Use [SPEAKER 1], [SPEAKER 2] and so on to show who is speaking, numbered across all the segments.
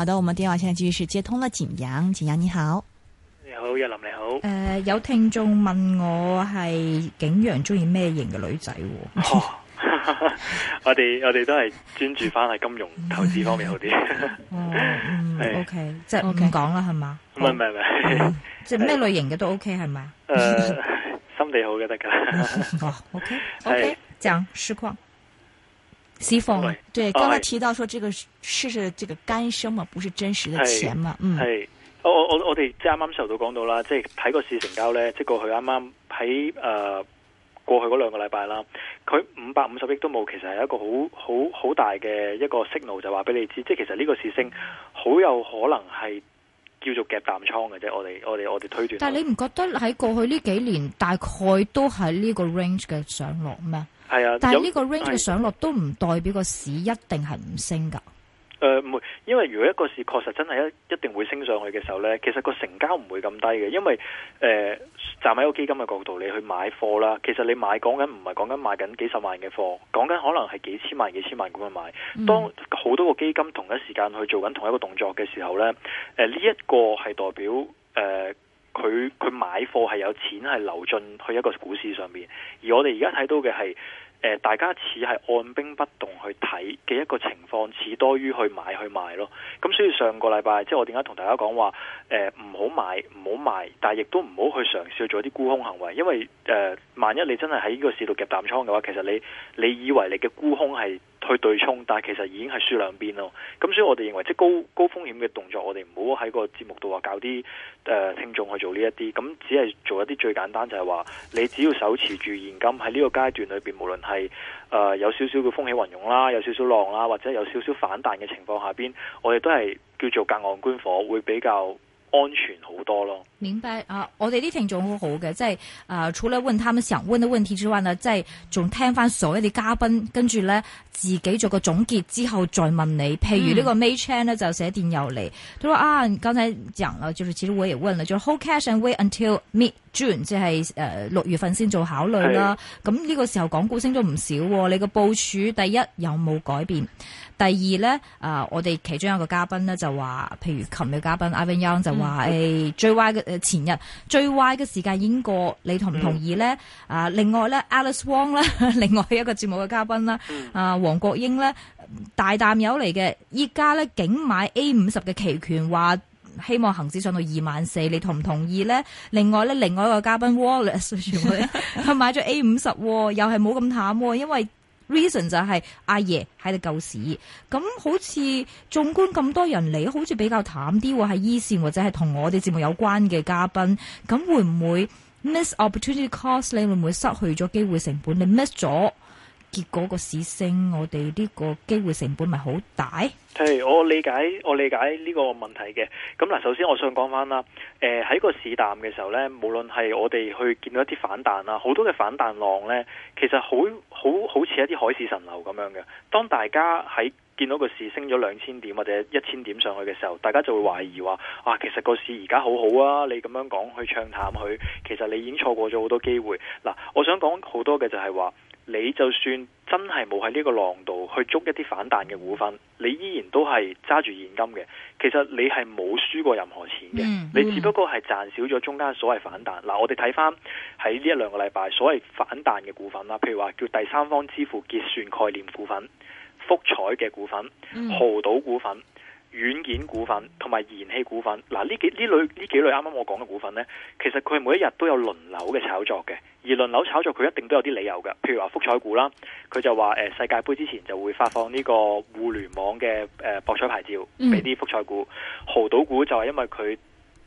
[SPEAKER 1] 好的，我們電話現在繼續接通啦，景羊，景羊你好，
[SPEAKER 2] 你好，一林你好，
[SPEAKER 1] 誒、呃，有聽眾問我係景羊中意咩型嘅女仔、哦？ 我
[SPEAKER 2] 哋我哋都係專注翻喺金融投資方面好啲、 哦。嗯
[SPEAKER 1] ，OK，, okay. 即係唔講啦係嘛？唔係唔係唔係，即係咩類型嘅都 OK 係咪 、
[SPEAKER 2] 呃？心地好嘅得噶啦。
[SPEAKER 1] 哇、 哦、，OK，係
[SPEAKER 3] 講市況。C 鳳 Okay. 對，剛才提到說這個市市，oh, 是這個乾升嘛，不是真實的錢嘛，是嗯。係
[SPEAKER 2] 我我我我哋即係啱啱受到講到啦，即係睇個市成交咧，即係過去啱啱喺誒過去嗰兩個禮拜啦，佢五百五十億都冇，其實係一個好好好大嘅一個 signal，就話俾你知，即係其實呢個市升好有可能係叫做夾淡倉嘅啫，我哋我哋我哋推斷。但係你
[SPEAKER 1] 唔覺得喺過去呢幾年大概都係呢個 range 嘅上落咩？
[SPEAKER 2] 係啊，但係呢個 range 嘅
[SPEAKER 1] 上落都唔代表個市一定係唔升噶。誒，唔
[SPEAKER 2] 會，因為如果一個市確實真係一一定會升上去嘅時候咧，其實個成交唔會咁低嘅，因為誒、呃、站喺一個基金嘅角度你去買貨啦，其實你買講緊唔係講緊買緊幾十萬嘅貨，講緊可能係幾千萬、幾千萬咁去買。當好多個基金同一時間去做緊同一個動作嘅時候咧，誒呢一個係代表誒。呃佢佢買貨係有錢係流進去一個股市上面。而我哋而家睇到嘅係誒大家似係按兵不動去睇嘅一個情況，似多於去買去賣咯。咁所以上個禮拜即係我點解同大家講話誒唔好買唔好賣，但係亦都唔好去嘗試去做啲沽空行為，因為誒、呃、萬一你真係喺呢個市度夾淡倉嘅話，其實你你以為你嘅沽空係去對沖，但係其實已經係輸兩邊咯。咁所以我哋認為，即係高高風險嘅動作，我哋唔好喺個節目度話教啲誒聽眾去做呢一啲。咁只係做一啲最簡單，就係話你只要手持住現金喺呢個階段裏邊，無論係誒有少少嘅風起雲湧啦，有少少浪啦，或者有少少反彈嘅情況下邊，我哋都係叫做隔岸觀火，會比較安全好多咯。
[SPEAKER 1] 明白啊！我哋啲聽眾好好嘅，即係啊，除咗問他們想問嘅問，問題之外呢，即係仲聽翻所有啲嘉賓，跟住咧自己做個總結之後再問你。譬如呢個 May Chan 呢，就寫電郵嚟，佢話啊，你剛才講啦，就係其實我亦問啦，就 Hold cash and wait until mid June，即係誒六月份先做考慮啦。咁呢是個時候港股升咗唔少，哦，你個部署第一有冇改變？第二咧啊，我哋其中一個嘉賓咧就話，譬如琴日嘉賓 Ivan Young 就話誒最壞嘅。嗯 okay. 哎前日最壞嘅時間已經過，你同唔同意咧？嗯、啊，另外咧，Alice Wong 咧，另外一個節目嘅嘉賓啦，啊，黃國英咧，大淡友嚟嘅，依家咧竟買 A 五十嘅期權，話希望恒指上到二萬四，你同唔同意咧？另外咧，另外一個嘉賓 Wallace，佢買咗 A 五十，哦， 又係冇咁淡，哦，因為。reason 就係阿爺喺度救市，咁、嗯、好似縱觀咁多人嚟，好似比較淡啲喎、哦，係醫線或者係同我哋節目有關嘅嘉賓，咁、嗯、會唔會 miss opportunity cost？你會唔會失去咗機會成本？你 miss 咗？結果個市升，我哋呢個機會成本咪好大？係
[SPEAKER 2] ，hey, 我理解，我理解呢個問題嘅。咁嗱，首先我想講翻啦。誒、呃，喺個市淡嘅時候呢，無論係我哋去見到一啲反彈啦，好多嘅反彈浪呢，其實好好好似一啲海市蜃樓咁樣嘅。當大家喺見到個市升咗兩千點或者一千點上去嘅時候，大家就會懷疑話：「啊，其實個市而家好好啊！你咁樣講去唱淡佢，其實你已經錯過咗好多機會。嗱，我想講好多嘅就係話。你就算真係冇喺呢個浪度去捉一啲反彈嘅股份，你依然都係揸住現金嘅。其實你係冇輸過任何錢嘅，你只不過係賺少咗中間所謂反彈。嗱，我哋睇翻喺呢一兩個禮拜所謂反彈嘅股份啦，譬如話叫第三方支付結算概念股份、福彩嘅股份、豪賭股份。軟件股份同埋燃氣股份，嗱、啊、呢幾呢類呢幾類啱啱我講嘅股份呢，其實佢每一日都有輪流嘅炒作嘅，而輪流炒作佢一定都有啲理由嘅，譬如話福彩股啦，佢就話誒、呃、世界盃之前就會發放呢個互聯網嘅誒、呃、博彩牌照俾啲福彩股、嗯、豪賭股，就係因為佢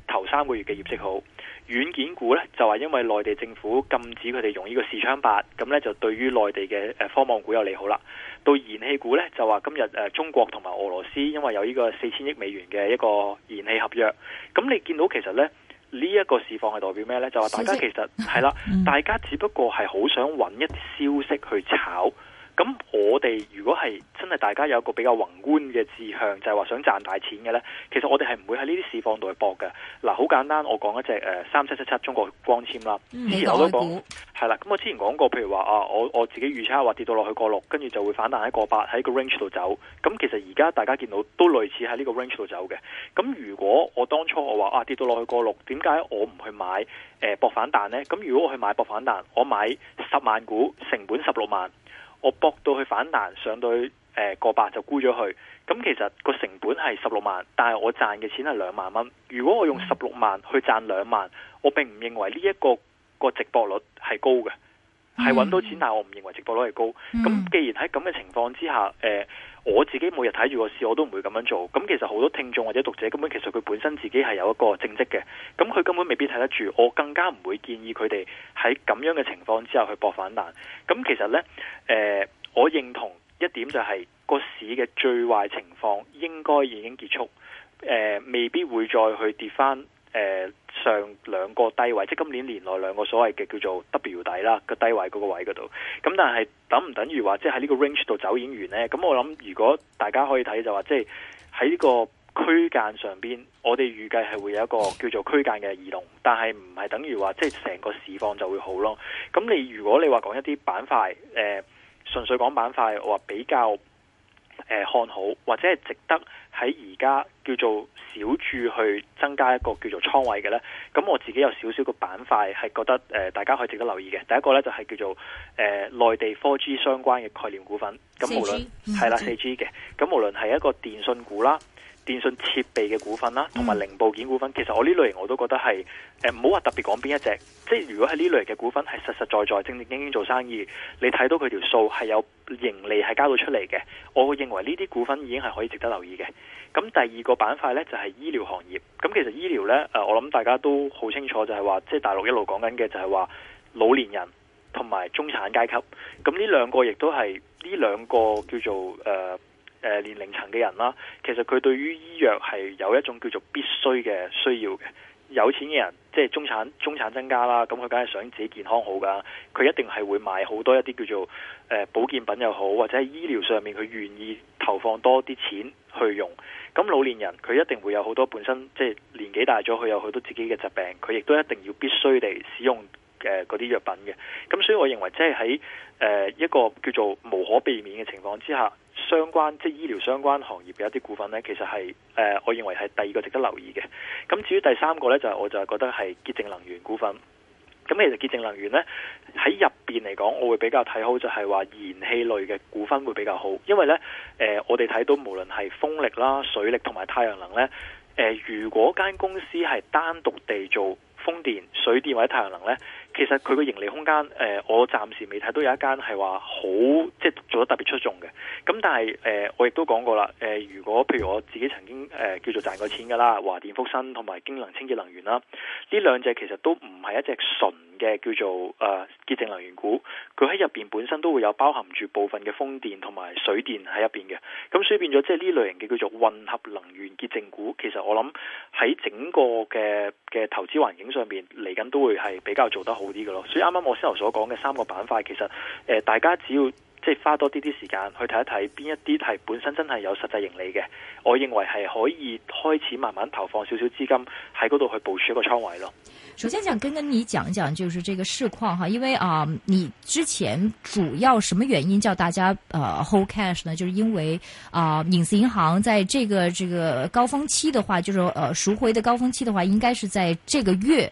[SPEAKER 2] 頭三個月嘅業績好。軟件股咧就話、是、因為內地政府禁止佢哋用呢個視窗八，咁咧就對於內地嘅誒科網股有利好啦。到燃氣股咧就話、是、今日誒、呃、中國同埋俄羅斯因為有呢個四千億美元嘅一個燃氣合約，咁你見到其實咧呢一、這個市況係代表咩咧？就話大家其實係姐啦，嗯、大家只不過係好想揾一啲消息去炒。咁我哋如果係真係大家有一個比較宏觀嘅志向，就係、是、話想賺大錢嘅呢。其實我哋係唔會喺呢啲市況度去搏嘅。嗱、啊，好簡單，我講一隻誒、呃、三七七七中國光纖啦。嗯、之前我都講係啦。咁、嗯、我之前講過，譬如話啊，我我自己預測話跌到落去個六，跟住就會反彈喺個八喺個 range 度走。咁、嗯、其實而家大家見到都類似喺呢個 range 度走嘅。咁、嗯、如果我當初我話啊跌到落去個六，點解我唔去買誒、呃、博反彈呢？咁如果我去買博反彈，我買十萬股，成本十六萬。我搏到佢反彈上到去誒過百，就沽咗佢，咁、嗯、其實個成本係十六萬，但係我賺嘅錢係兩萬蚊。如果我用十六萬去賺兩萬，我並唔認為呢、這、一個個值博率係高嘅。係搵、mm hmm. 到錢，但係我唔認為值博率係高。咁、mm hmm. 既然喺咁嘅情況之下，誒、呃,我自己每日睇住個市，我都唔會咁樣做。咁其實好多聽眾或者讀者根本其實佢本身自己係有一個正職嘅，咁佢根本未必睇得住。我更加唔會建議佢哋喺咁樣嘅情況之下去搏反彈。咁其實呢，誒、呃，我認同一點就係、是、個市嘅最壞情況應該已經結束，誒、呃，未必會再去跌返。誒、呃、上兩個低位，即係今年年內兩個所謂嘅叫做 W 底啦，個低位嗰個位嗰度。咁但係等唔等於話，即係喺呢個 range 度走演完呢？咁我諗，如果大家可以睇就話，即係喺呢個區間上邊，我哋預計係會有一個叫做區間嘅移動，但係唔係等於話即係成個市況就會好咯。咁你如果你話講一啲板塊，誒、呃、純粹講板塊我話比較。誒、呃，看好或者係值得喺而家叫做小注去增加一個叫做倉位嘅咧，咁我自己有少少個板塊係覺得誒、呃，大家可以值得留意嘅。第一個咧就係、是、叫做誒，內、呃、地 4G 相關嘅概念股份。咁無論係 4 G? 啦 4G 嘅，咁無論係一個電信股啦。電信設備嘅股份啦，同埋零部件股份，其實我呢類型我都覺得係，誒唔好話特別講邊一隻，即係如果係呢類型嘅股份係實實在在正正經經做生意，你睇到佢條數係有盈利係交到出嚟嘅，我會認為呢啲股份已經係可以值得留意嘅。咁、嗯、第二個板塊呢，就係、是、醫療行業，咁、嗯、其實醫療呢，誒、呃、我諗大家都好清楚就係話，即、就、係、是、大陸一路講緊嘅就係話老年人同埋中產階級，咁、嗯、呢兩個亦都係呢兩個叫做誒。呃誒，年齡層嘅人啦，其實佢對於醫藥係有一種叫做必須嘅需要嘅。有錢嘅人，即係中產中產增加啦，咁佢梗係想自己健康好噶，佢一定係會買好多一啲叫做誒、呃、保健品又好，或者喺醫療上面佢願意投放多啲錢去用。咁老年人佢一定會有好多本身即係年紀大咗，佢有好多自己嘅疾病，佢亦都一定要必須地使用誒嗰啲藥品嘅。咁所以我認為即係喺誒一個叫做無可避免嘅情況之下。相關即係醫療相關行業嘅一啲股份呢，其實係誒、呃，我認為係第二個值得留意嘅。咁至於第三個呢，就係、是、我就係覺得係潔淨能源股份。咁其實潔淨能源呢，喺入邊嚟講，我會比較睇好就係話燃氣類嘅股份會比較好，因為呢，誒、呃，我哋睇到無論係風力啦、水力同埋太陽能呢，誒、呃，如果間公司係單獨地做風電、水電或者太陽能呢。其實佢個盈利空間，誒、呃，我暫時未睇到有一間係話好，即係做得特別出眾嘅。咁但係，誒、呃，我亦都講過啦，誒、呃，如果譬如我自己曾經誒、呃、叫做賺過錢噶啦，華電福新同埋京能清潔能源啦，呢兩隻其實都唔係一隻純嘅叫做誒、呃、潔淨能源股，佢喺入邊本身都會有包含住部分嘅風電同埋水電喺入邊嘅。咁所以變咗即係呢類型嘅叫做混合能源潔淨股，其實我諗喺整個嘅嘅投資環境上面嚟緊都會係比較做得好。好啲嘅咯，所以啱啱我先頭所講嘅三個板塊，其實誒，大家只要即係花多啲啲時間去睇一睇邊一啲係本身真係有實際盈利嘅，我認為係可以開始慢慢投放少少資金喺嗰度去部署一個倉位咯。
[SPEAKER 1] 首先想跟跟你講一講，就是這個市況哈，因為啊、呃，你之前主要什麼原因叫大家誒、呃、hold cash 呢？就是因為啊，影、呃、子銀行在這個這個高峰期的話，就是誒贖回的高峰期的話，應該是在這個月。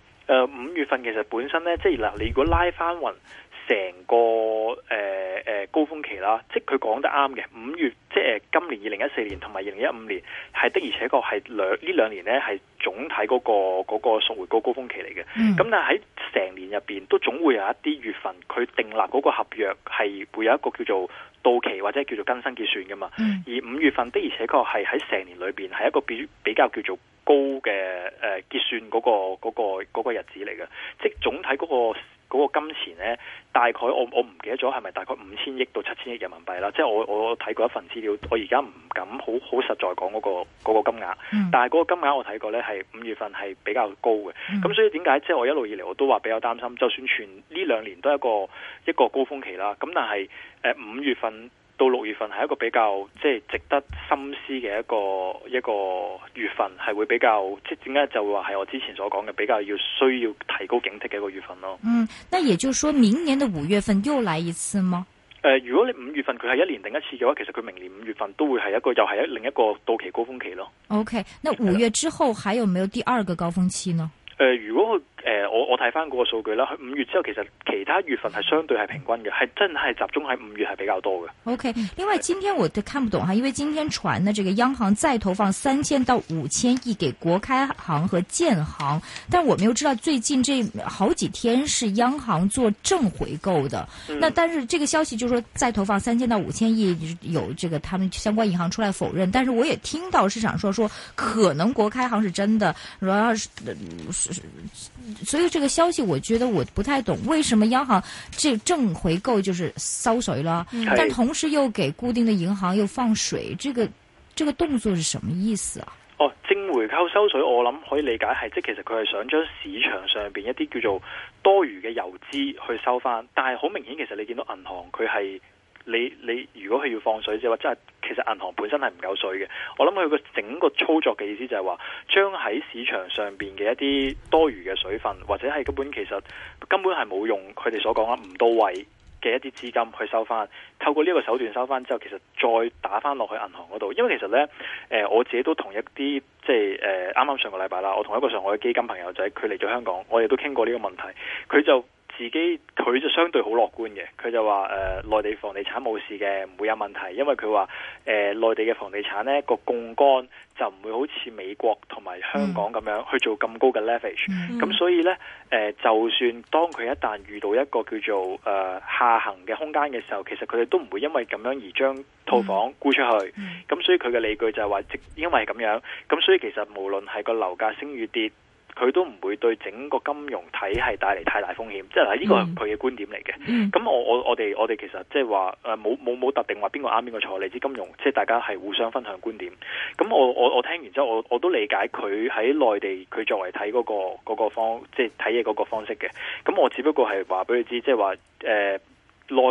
[SPEAKER 2] 誒五、呃、月份其實本身咧，即係嗱，你如果拉翻勻成個誒誒、呃呃、高峰期啦，即係佢講得啱嘅。五月即係、就是、今年二零一四年同埋二零一五年，係的而且確係兩呢兩年咧係總體嗰、那個嗰、那個贖回高高峰期嚟嘅。咁、mm. 但係喺成年入邊都總會有一啲月份，佢訂立嗰個合約係會有一個叫做到期或者叫做更新結算㗎嘛。Mm. 而五月份的而且確係喺成年裏邊係一個比比較叫做。高嘅誒、呃、結算嗰個嗰個嗰個日子嚟嘅，即係總體嗰個嗰個金錢咧，大概我我唔記得咗係咪大概五千億到七千億人民幣啦。即係我我睇過一份資料，我而家唔敢好好實在講嗰個嗰個金額，但係嗰個金額我睇過咧係五月份係比較高嘅。咁所以點解即係我一路以嚟我都話比較擔心，就算全呢兩年都係一個一個高峰期啦，咁但係誒五月份。到六月份係一個比較即係值得深思嘅一個一個月份，係會比較即係點解就會話係我之前所講嘅比較要需要提高警惕嘅一個月份咯。嗯，
[SPEAKER 1] 那也就是說明年嘅五月份又來一次嗎？
[SPEAKER 2] 誒、呃，如果你五月份佢係一年定一次嘅話，其實佢明年五月份都會係一個又係一另一個到期高峰期咯。
[SPEAKER 1] OK，那五月之後還有沒有第二個高峰期呢？誒、
[SPEAKER 2] 呃，如果呃、我我睇翻嗰個數據啦，五月之後其實其他月份係相對係平均嘅，係真係集中喺五月係比較多嘅。
[SPEAKER 1] OK，另外今天我都看不懂哈，因為今天傳的這個央行再投放三千到五千億給國開行和建行，但我們又知道最近這好幾天是央行做正回購的。嗯、那但是這個消息就是說再投放三千到五千億，有這個他們相關銀行出來否認，但是我也聽到市場說，說可能國開行是真的，說要是是。是是是。所以這個消息我覺得我不太懂，為什麼央行這正回購就是收水啦，嗯、但同時又給固定的銀行又放水，這個這個動作是什麼意思啊？
[SPEAKER 2] 哦，正回購收水，我諗可以理解係，即其實佢係想將市場上邊一啲叫做多餘嘅游資去收翻，但係好明顯其實你見到銀行佢係。你你如果佢要放水，即係話，即係其實銀行本身係唔夠水嘅。我諗佢個整個操作嘅意思就係話，將喺市場上邊嘅一啲多餘嘅水分，或者係根本其實根本係冇用，佢哋所講啦，唔到位嘅一啲資金去收翻，透過呢個手段收翻之後，其實再打翻落去銀行嗰度。因為其實呢，誒、呃、我自己都同一啲即係誒啱啱上個禮拜啦，我同一個上海基金朋友仔，佢嚟咗香港，我哋都傾過呢個問題，佢就。自己佢就相對好樂觀嘅，佢就話誒、呃、內地房地產冇事嘅，唔會有問題，因為佢話誒內地嘅房地產咧個槓桿就唔會好似美國同埋香港咁樣、嗯、去做咁高嘅 leverage，咁、嗯、所以咧誒、呃、就算當佢一旦遇到一個叫做誒、呃、下行嘅空間嘅時候，其實佢哋都唔會因為咁樣而將套房沽出去，咁、嗯、所以佢嘅理據就係話即因為咁樣，咁所以其實無論係個樓價升與跌。佢都唔會對整個金融體系帶嚟太大風險，即係嗱，呢個係佢嘅觀點嚟嘅。咁、mm. mm. 我我我哋我哋其實即係話誒冇冇冇特定話邊個啱邊個錯，離子金融即係、就是、大家係互相分享觀點。咁我我我聽完之後，我我都理解佢喺內地佢作為睇嗰、那個那個方，即係睇嘢嗰個方式嘅。咁我只不過係話俾佢知，即係話誒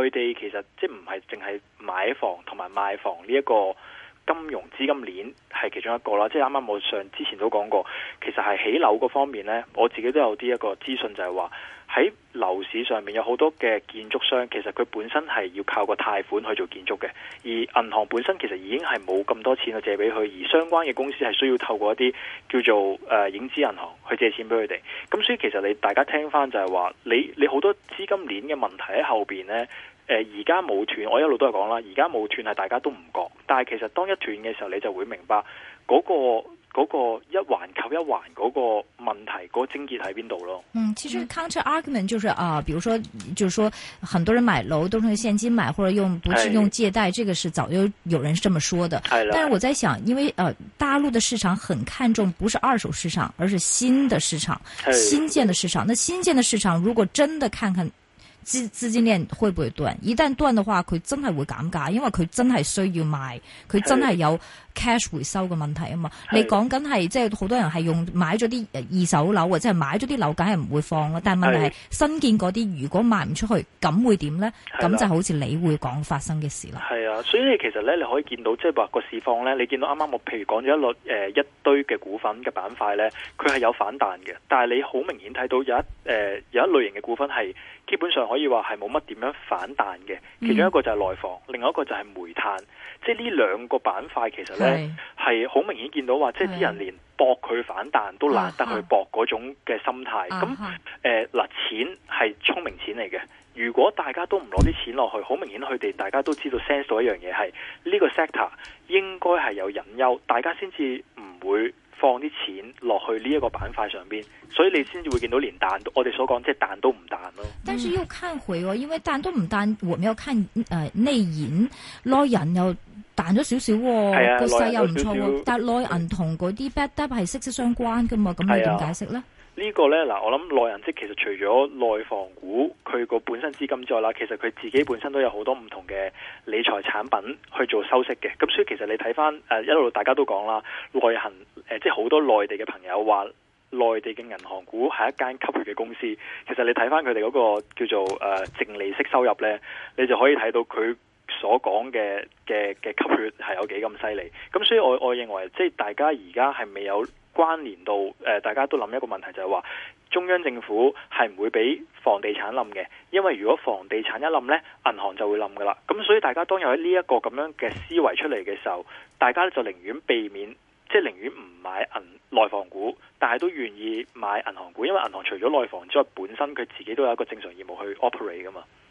[SPEAKER 2] 內地其實即係唔係淨係買房同埋賣房呢、這、一個。金融資金鏈係其中一個啦，即係啱啱我上之前都講過，其實係起樓嗰方面呢，我自己都有啲一個資訊就，就係話喺樓市上面有好多嘅建築商，其實佢本身係要靠個貸款去做建築嘅，而銀行本身其實已經係冇咁多錢去借俾佢，而相關嘅公司係需要透過一啲叫做誒、呃、影子銀行去借錢俾佢哋，咁所以其實你大家聽翻就係話，你你好多資金鏈嘅問題喺後邊呢。誒而家冇斷，我一路都係講啦。而家冇斷係大家都唔覺，但係其實當一斷嘅時候，你就會明白嗰、嗰個嗰個一環扣一環嗰個問題嗰、嗰個症結喺邊度咯。嗯，
[SPEAKER 1] 其實 counter argument 就是啊、呃，比如說，就是說很多人買樓都是用現金買，或者用不是用借貸，的這個是早就有人是這麼說的。是的，但是我在想，因為呃大陸的市場很看重不是二手市場，而是新的市場，的新建的市場。那新建的市場如果真的看看。資金鏈會唔會斷，一旦多人嘅話，佢真係會減價，因為佢真係需要賣，佢真係有 cash 回收嘅問題啊嘛。是你講緊係即係好多人係用買咗啲二手樓或者係買咗啲樓，梗係唔會放啦。但係問題係是新建嗰啲，如果賣唔出去，咁會點呢？咁的就好似你會講發生嘅事啦。
[SPEAKER 2] 係啊，所以其實咧，你可以見到即係話個市況咧，你見到啱啱我譬如講咗一輪誒、呃、一堆嘅股份嘅板塊咧，佢係有反彈嘅，但係你好明顯睇到有一誒、呃、有一類型嘅股份係。基本上可以話，係冇乜點樣反彈嘅，其中一個就係內房，嗯、另外一個就係煤炭，即係呢兩個板塊其實咧係好明顯見到話，是即係啲人連博佢反彈都難得去搏嗰種嘅心態。咁誒嗱，錢係聰明錢嚟嘅，如果大家都唔攞啲錢落去，好明顯，佢哋大家都知道 sense 到一樣嘢係呢個 sector 應該係有隱憂，大家先至唔會。放啲錢落去呢一個板塊上邊，所以你先至會見到連彈，我哋所講即係彈都唔彈咯。嗯、但
[SPEAKER 1] 係要看佢喎、啊，因為彈都唔彈，我有要看誒、呃、內延、啊的啊、內銀又彈咗少少喎，個勢又唔錯喎，但內銀同嗰啲 bad debt 係息息相關噶嘛，咁你點解釋咧？
[SPEAKER 2] 呢個呢，嗱，我諗內銀即其實除咗內房股佢個本身資金之外啦，其實佢自己本身都有好多唔同嘅理財產品去做收息嘅。咁所以其實你睇翻誒一路大家都講啦，內行誒、呃、即係好多內地嘅朋友話內地嘅銀行股係一間吸血嘅公司。其實你睇翻佢哋嗰個叫做誒、呃、淨利息收入呢，你就可以睇到佢所講嘅嘅嘅吸血係有幾咁犀利。咁所以我我認為即係大家而家係未有。關聯到誒，大家都諗一個問題就係話，中央政府係唔會俾房地產冧嘅，因為如果房地產一冧呢，銀行就會冧噶啦。咁所以大家當有喺呢一個咁樣嘅思維出嚟嘅時候，大家就寧願避免，即係寧願唔買銀內房股，但係都願意買銀行股，因為銀行除咗內房之外，本身佢自己都有一個正常業務去 operate 噶嘛。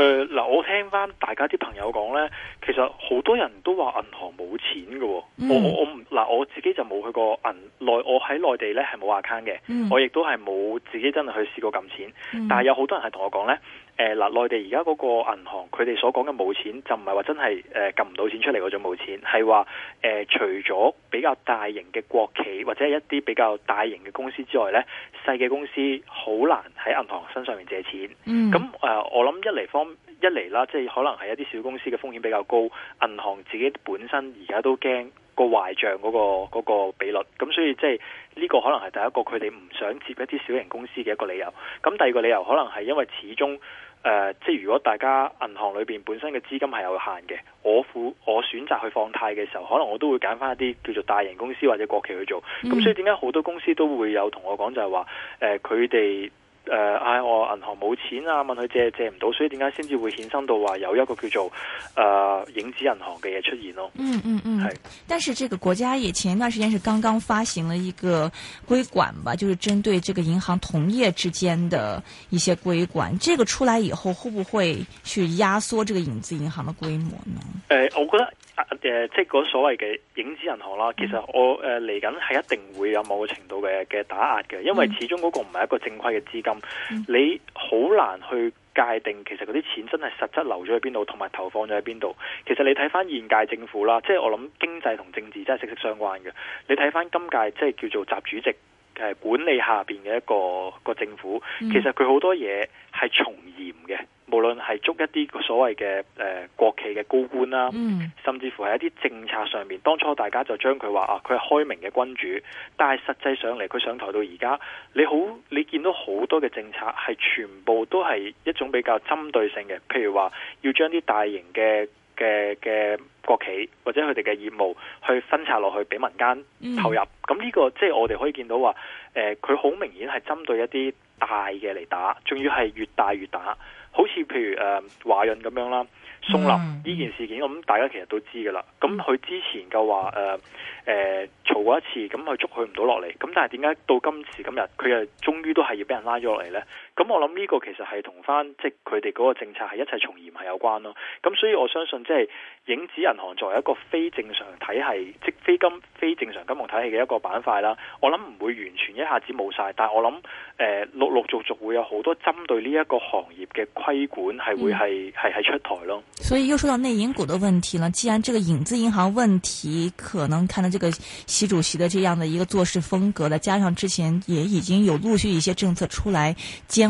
[SPEAKER 2] 誒，嗱、呃，我聽翻大家啲朋友講咧，其實好多人都話銀行冇錢嘅、哦嗯，我我嗱，我自己就冇去過銀內，我喺內地咧係冇 account 嘅，嗯、我亦都係冇自己真係去試過撳錢，但係有好多人係同我講咧。誒嗱，內、呃、地而家嗰個銀行，佢哋所講嘅冇錢，就唔係話真係誒撳唔到錢出嚟嗰種冇錢，係話誒除咗比較大型嘅國企或者係一啲比較大型嘅公司之外呢，細嘅公司好難喺銀行身上面借錢。咁誒、嗯呃，我諗一嚟方一嚟啦，即係可能係一啲小公司嘅風險比較高，銀行自己本身而家都驚個壞賬嗰個嗰個比率，咁所以即係呢、這個可能係第一個佢哋唔想接一啲小型公司嘅一個理由。咁第二個理由可能係因為始終。誒、呃，即係如果大家銀行裏邊本身嘅資金係有限嘅，我負我選擇去放貸嘅時候，可能我都會揀翻一啲叫做大型公司或者國企去做。咁所以點解好多公司都會有同我講就係話，誒、呃，佢哋誒嗌、呃哎、我銀行冇錢啊，問佢借借唔到，所以點解先至會衍生到話有一個叫做誒、呃、影子銀行嘅嘢出現咯？嗯嗯嗯，
[SPEAKER 3] 係、嗯。嗯、是但是這個國家也前一段時間是剛剛發行了一個規管吧，就是針對這個銀行同業之間的一些規管。這個出來以後，會不會去壓縮這個影子銀行的規模呢？誒、
[SPEAKER 2] 呃，我覺得。誒、啊呃，即係嗰所謂嘅影子銀行啦，嗯、其實我誒嚟緊係一定會有某個程度嘅嘅打壓嘅，嗯、因為始終嗰個唔係一個正規嘅資金，嗯、你好難去界定其實嗰啲錢真係實質留咗去邊度，同埋投放咗喺邊度。其實你睇翻現屆政府啦，即係我諗經濟同政治真係息息相關嘅。你睇翻今屆即係叫做習主席誒管理下邊嘅一個一個政府，嗯嗯、其實佢好多嘢係從嚴嘅。無論係捉一啲所謂嘅誒、呃、國企嘅高官啦、啊，mm. 甚至乎係一啲政策上面，當初大家就將佢話啊，佢係開明嘅君主，但係實際上嚟佢上台到而家，你好，你見到好多嘅政策係全部都係一種比較針對性嘅，譬如話要將啲大型嘅嘅嘅國企或者佢哋嘅業務去分拆落去俾民間投入，咁呢、mm. 呢個即係、就是、我哋可以見到話誒，佢、呃、好明顯係針對一啲大嘅嚟打，仲要係越大越打。好似譬如誒、呃、華潤咁樣啦，宋林呢、嗯、件事件，我諗大家其實都知㗎啦。咁佢之前嘅話誒誒嘈過一次，咁佢捉佢唔到落嚟。咁但係點解到今時今日，佢又終於都係要俾人拉咗落嚟咧？咁我諗呢個其實係同翻即佢哋嗰個政策係一切從嚴係有關咯。咁所以我相信即係影子銀行作為一個非正常體系，即、就是、非金非正常金融體系嘅一個板塊啦。我諗，唔會完全一下子冇晒。但係我諗誒陸陸續續會有好多針對呢一個行業嘅規管係會係係係出台咯。
[SPEAKER 3] 所以又說到內銀股嘅問題啦。既然這個影子銀行問題，可能看到這個習主席的這樣的，一個做事風格的，加上之前也已經有陸續一些政策出來兼。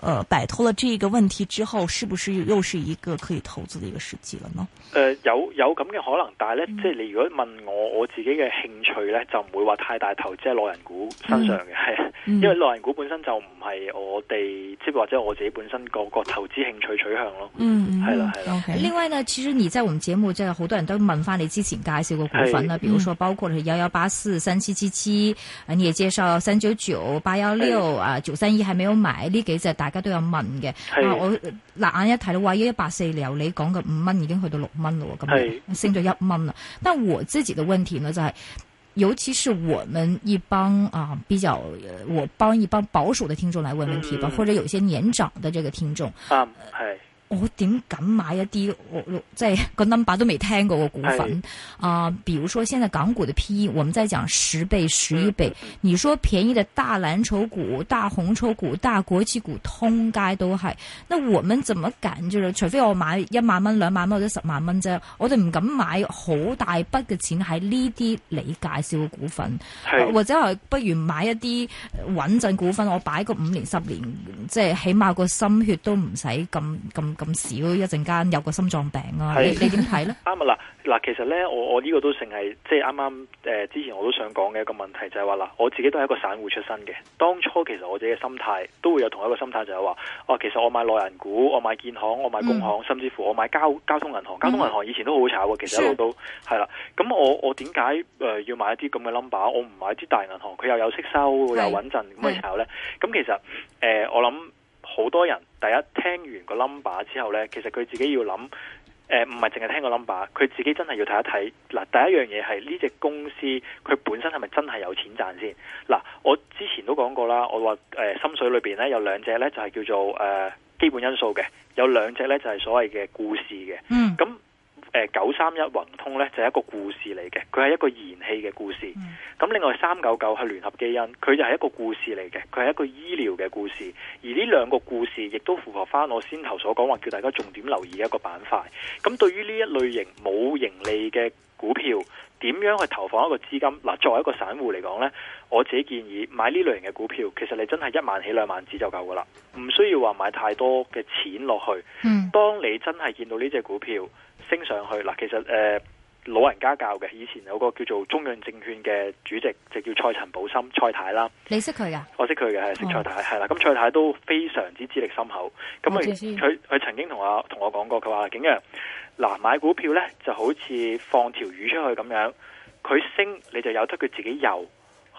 [SPEAKER 3] 誒，擺脫了這個問題之後，是不是又是一個可以投資的一個時機啦？誒，
[SPEAKER 2] 有有咁嘅可能，但係呢，即係你如果問我我自己嘅興趣呢，就唔會話太大投資喺內人股身上嘅，係，因為內人股本身就唔係我哋，即係或者我自己本身個個投資興趣取向咯，嗯，
[SPEAKER 1] 係啦係啦。另外呢，其實你在我們節目即係好多人都問翻你之前介紹過股份啦，比如說包括係幺幺八四、三七七七，啊，你也介紹三九九、八幺六啊、九三一，還沒有買，你給。大家都有問嘅是、啊，我拿眼、呃、一睇到，話依一一八四由你講嘅五蚊已經去到六蚊咯，咁是升咗一蚊啦。但我自己字嘅問題呢？就在、是，尤其是我們一幫啊比較，我幫一幫保守嘅聽眾嚟問問題吧，嗯嗯或者有些年長嘅這個聽眾。係、嗯。呃我點敢買一啲即係個 number 都未聽過嘅股份啊是、呃？比如說現在港股嘅 PE，我們再講十倍、十一倍。嗯、你說便宜的大藍籌股、大紅籌股、大國企股，通街都係。那我們怎麼揀？就是除非我買一萬蚊、兩萬蚊或者十萬蚊啫。我哋唔敢買好大筆嘅錢喺呢啲你介紹嘅股份，是或者係不如買一啲穩陣股份。我擺個五年、十年，年，即係起碼個心血都唔使咁咁。咁少一陣間有個心臟病啊？你你點睇呢？
[SPEAKER 2] 啱啊嗱嗱，其實呢，我我呢個都淨係即係啱啱誒，之前我都想講嘅一個問題就係話啦，我自己都係一個散戶出身嘅，當初其實我自己嘅心態都會有同一個心態，就係話，哦，其實我買內銀股，我買建行，我買工行，甚至乎我買交交通銀行，交通銀行以前都好炒嘅，其實一路都係啦。咁我我點解誒要買一啲咁嘅 number？我唔買啲大銀行，佢又有息收又穩陣咁去炒呢，咁其實誒，我諗。好多人第一聽完個 number 之後咧，其實佢自己要諗，誒唔係淨係聽個 number，佢自己真係要睇一睇。嗱，第一樣嘢係呢隻公司，佢本身係咪真係有錢賺先？嗱，我之前都講過啦，我話誒，心水裏邊咧有兩隻咧就係叫做誒基本因素嘅，有兩隻咧就係所謂嘅故事嘅，嗯，咁。九三一宏通呢，就係一個故事嚟嘅，佢係一個燃氣嘅故事。咁另外三九九係聯合基因，佢就係一個故事嚟嘅，佢係一個醫療嘅故事。而呢兩個故事亦都符合翻我先頭所講話，叫大家重點留意一個板塊。咁對於呢一類型冇盈利嘅股票，點樣去投放一個資金？嗱，作為一個散戶嚟講呢，我自己建議買呢類型嘅股票，其實你真係一萬起兩萬止就夠噶啦，唔需要話買太多嘅錢落去。嗯，當你真係見到呢隻股票。升上去嗱，其實誒、呃、老人家教嘅。以前有個叫做中央證券嘅主席，就叫蔡陳寶森蔡太啦。你識佢噶？我識佢嘅，係識蔡太係啦。咁、嗯、蔡太都非常之資歷深厚。咁佢佢曾經同阿同我講過，佢話：景羊嗱，買股票呢就好似放條魚出去咁樣，佢升你就由得佢自己游，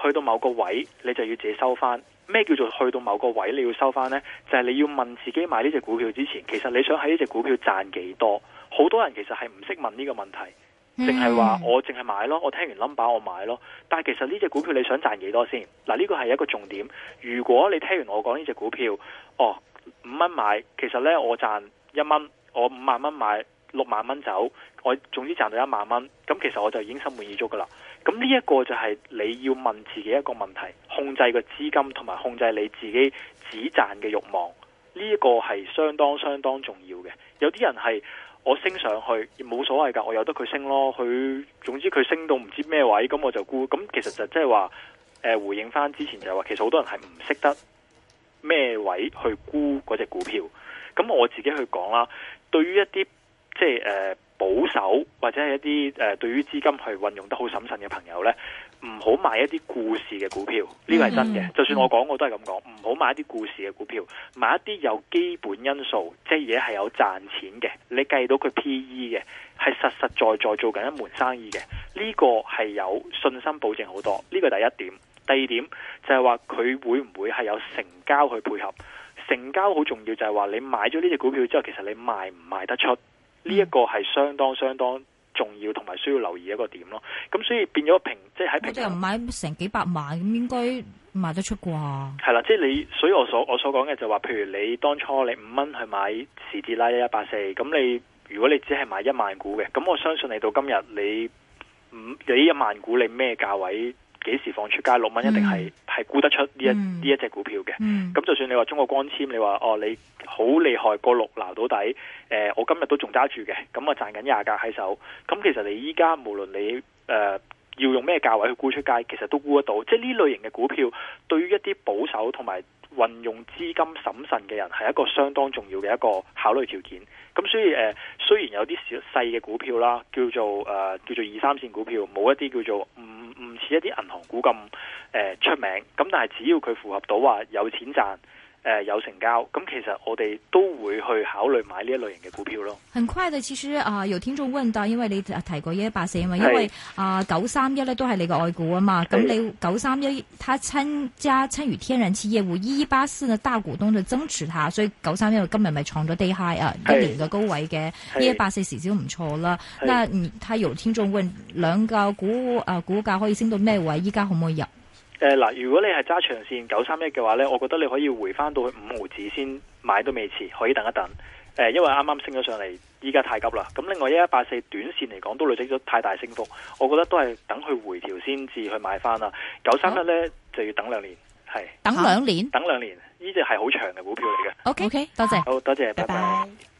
[SPEAKER 2] 去到某個位，你就要自己收翻。咩叫做去到某個位你要收翻呢？就係、是、你要問自己買呢隻股票之前，其實你想喺呢隻股票賺幾多？好多人其實係唔識問呢個問題，淨係話我淨係買咯。我聽完 number 我買咯，但係其實呢隻股票你想賺幾多先嗱？呢個係一個重點。如果你聽完我講呢隻股票，哦五蚊買，其實呢，我賺一蚊，我五萬蚊買六萬蚊走，我總之賺到一萬蚊，咁其實我就已經心滿意足噶啦。咁呢一個就係你要問自己一個問題，控制個資金同埋控制你自己只賺嘅慾望。呢一個係相當相當重要嘅。有啲人係。我升上去冇所謂㗎，我由得佢升咯。佢總之佢升到唔知咩位，咁、嗯、我就沽。咁、嗯、其實就即係話，誒、呃、回應返之前就話，其實好多人係唔識得咩位去沽嗰隻股票。咁、嗯、我自己去講啦。對於一啲即係誒保守或者係一啲誒、呃、對於資金去運用得好審慎嘅朋友呢。唔好買一啲故事嘅股票，呢個係真嘅。嗯、就算我講，我都係咁講。唔好買一啲故事嘅股票，買一啲有基本因素，即係嘢係有賺錢嘅。你計到佢 PE 嘅，係實實在在在做緊一門生意嘅。呢個係有信心保證好多。呢個第一點，第二點就係話佢會唔會係有成交去配合？成交好重要，就係話你買咗呢隻股票之後，其實你賣唔賣得出？呢一個係相當相當。重要同埋需要留意一個點咯，咁所以變咗平，即係喺平，我哋
[SPEAKER 1] 又買成幾百萬，咁應該賣得出啩？
[SPEAKER 2] 係啦，即係你，所以我所我所講嘅就話，譬如你當初你五蚊去買時捷啦，一一八四，咁你如果你只係買一萬股嘅，咁我相信你到今日你五你一萬股你咩價位？幾時放出街六蚊一定係係、嗯、估得出呢一呢、嗯、一隻股票嘅，咁、嗯、就算你話中國光纖，你話哦你好厲害過六撈到底，誒、呃、我今日都仲揸住嘅，咁啊賺緊廿價喺手，咁、嗯、其實你依家無論你誒、呃、要用咩價位去估出街，其實都估得到，即係呢類型嘅股票對於一啲保守同埋。運用資金審慎嘅人係一個相當重要嘅一個考慮條件。咁所以誒、呃，雖然有啲小細嘅股票啦，叫做誒、呃、叫做二三線股票，冇一啲叫做唔唔似一啲銀行股咁誒、呃、出名。咁但係只要佢符合到話有錢賺。誒、呃，有成交，咁、嗯、其實我哋都會去考慮買呢一類型嘅股票咯。
[SPEAKER 1] 很快嘅，其實啊、呃，有聽眾問到，因為你提過一八四啊，因為啊九三一咧都係你個外股啊嘛，咁是你九三一，他參加參與天然氣業務，一八四嘅大股東就增持下，所以九三一今日咪創咗低 a y 啊，是一年嘅高位嘅，一八四時少唔錯啦。嗱是，太有聽眾問，兩個股啊股價可以升到咩位？依家可唔可以入？
[SPEAKER 2] 誒嗱、呃，如果你係揸長線九三一嘅話呢，我覺得你可以回翻到五毫子先買都未遲，可以等一等。誒、呃，因為啱啱升咗上嚟，依家太急啦。咁另外一一八四短線嚟講都累積咗太大升幅，我覺得都係等佢回調先至去買翻啦。九三一呢、哦、就要等兩年，係等兩年，等兩年，呢隻係好長嘅股票嚟嘅。Okay,
[SPEAKER 1] OK，多謝，
[SPEAKER 2] 好多謝，拜拜。拜拜